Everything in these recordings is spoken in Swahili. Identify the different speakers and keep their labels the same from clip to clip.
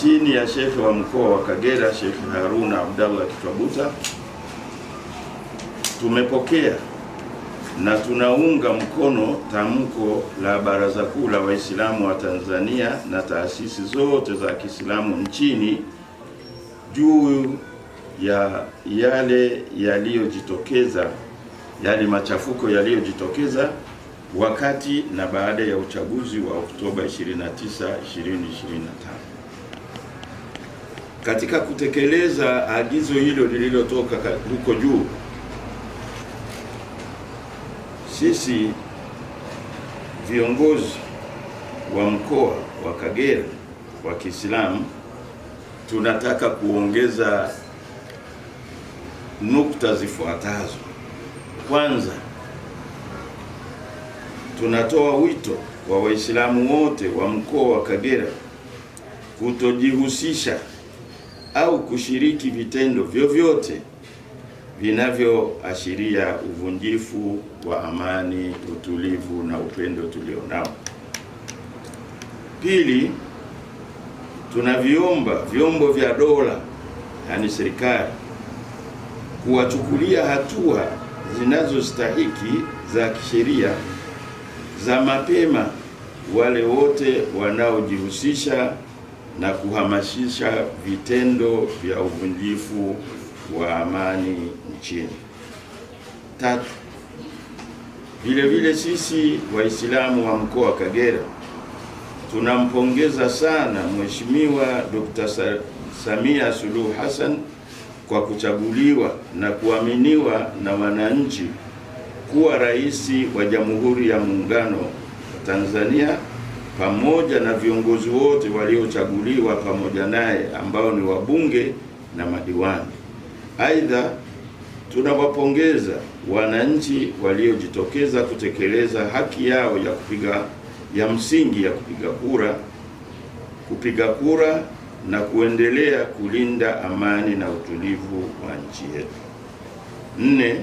Speaker 1: chini ya shekhe wa mkoa wa Kagera Shekhe Haruna Abdallah Kitwabuta. Tumepokea na tunaunga mkono tamko la Baraza Kuu la Waislamu wa Tanzania na taasisi zote za Kiislamu nchini juu ya yale yaliyojitokeza, yale machafuko yaliyojitokeza wakati na baada ya uchaguzi wa Oktoba 29, 2025 katika kutekeleza agizo hilo lililotoka huko juu, sisi viongozi wa mkoa wa Kagera wa Kiislamu tunataka kuongeza nukta zifuatazo. Kwanza, tunatoa wito kwa Waislamu wote wa mkoa wa Kagera kutojihusisha au kushiriki vitendo vyovyote vinavyoashiria uvunjifu wa amani, utulivu na upendo tulionao. Pili, tunaviomba vyombo vya dola, yaani serikali, kuwachukulia hatua zinazostahiki za kisheria za mapema wale wote wanaojihusisha na kuhamasisha vitendo vya uvunjifu wa amani nchini. Tatu, vile vile sisi Waislamu wa mkoa wa Kagera tunampongeza sana Mheshimiwa Dr. Samia Suluhu Hassan kwa kuchaguliwa na kuaminiwa na wananchi kuwa rais wa Jamhuri ya Muungano wa Tanzania pamoja na viongozi wote waliochaguliwa pamoja naye ambao ni wabunge na madiwani. Aidha, tunawapongeza wananchi waliojitokeza kutekeleza haki yao ya kupiga ya msingi ya kupiga kura, kupiga kura na kuendelea kulinda amani na utulivu wa nchi yetu. Nne,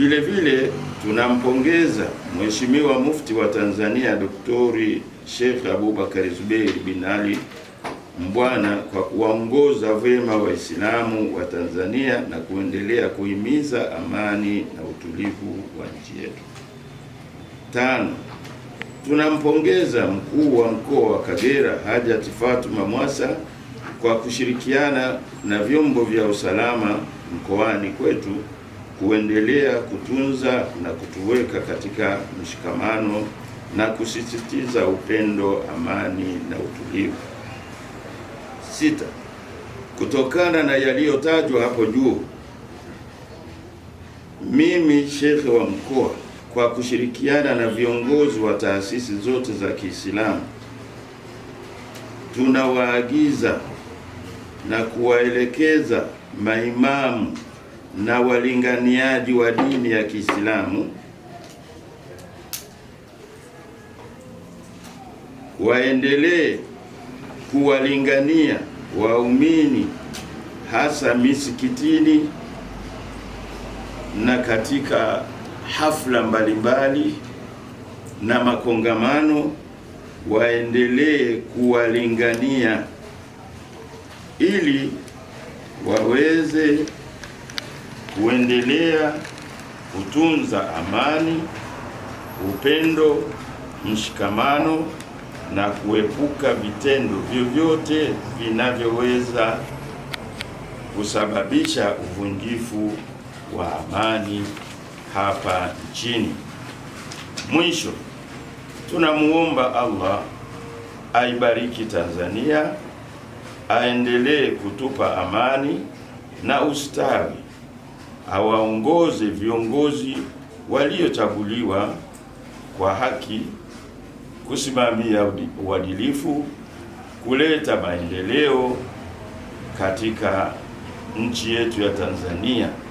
Speaker 1: vile vile tunampongeza Mheshimiwa Mufti wa Tanzania Doktori Sheikh Abubakar Zuberi bin Ali Mbwana kwa kuwaongoza vyema Waislamu wa Tanzania na kuendelea kuhimiza amani na utulivu wa nchi yetu. Tano, tunampongeza mkuu wa mkoa wa Kagera Hajati Fatuma Mwasa kwa kushirikiana na vyombo vya usalama mkoani kwetu kuendelea kutunza na kutuweka katika mshikamano na kusisitiza upendo, amani na utulivu. Sita, kutokana na yaliyotajwa hapo juu, mimi shekhe wa mkoa kwa kushirikiana na viongozi wa taasisi zote za Kiislamu tunawaagiza na kuwaelekeza maimamu na walinganiaji wa dini ya Kiislamu waendelee kuwalingania waumini hasa misikitini na katika hafla mbalimbali mbali na makongamano, waendelee kuwalingania ili waweze kuendelea kutunza amani, upendo, mshikamano na kuepuka vitendo vyovyote vinavyoweza kusababisha uvunjifu wa amani hapa nchini. Mwisho, tunamuomba Allah aibariki Tanzania, aendelee kutupa amani na ustawi awaongoze viongozi waliochaguliwa kwa haki, kusimamia uadilifu, kuleta maendeleo katika nchi yetu ya Tanzania.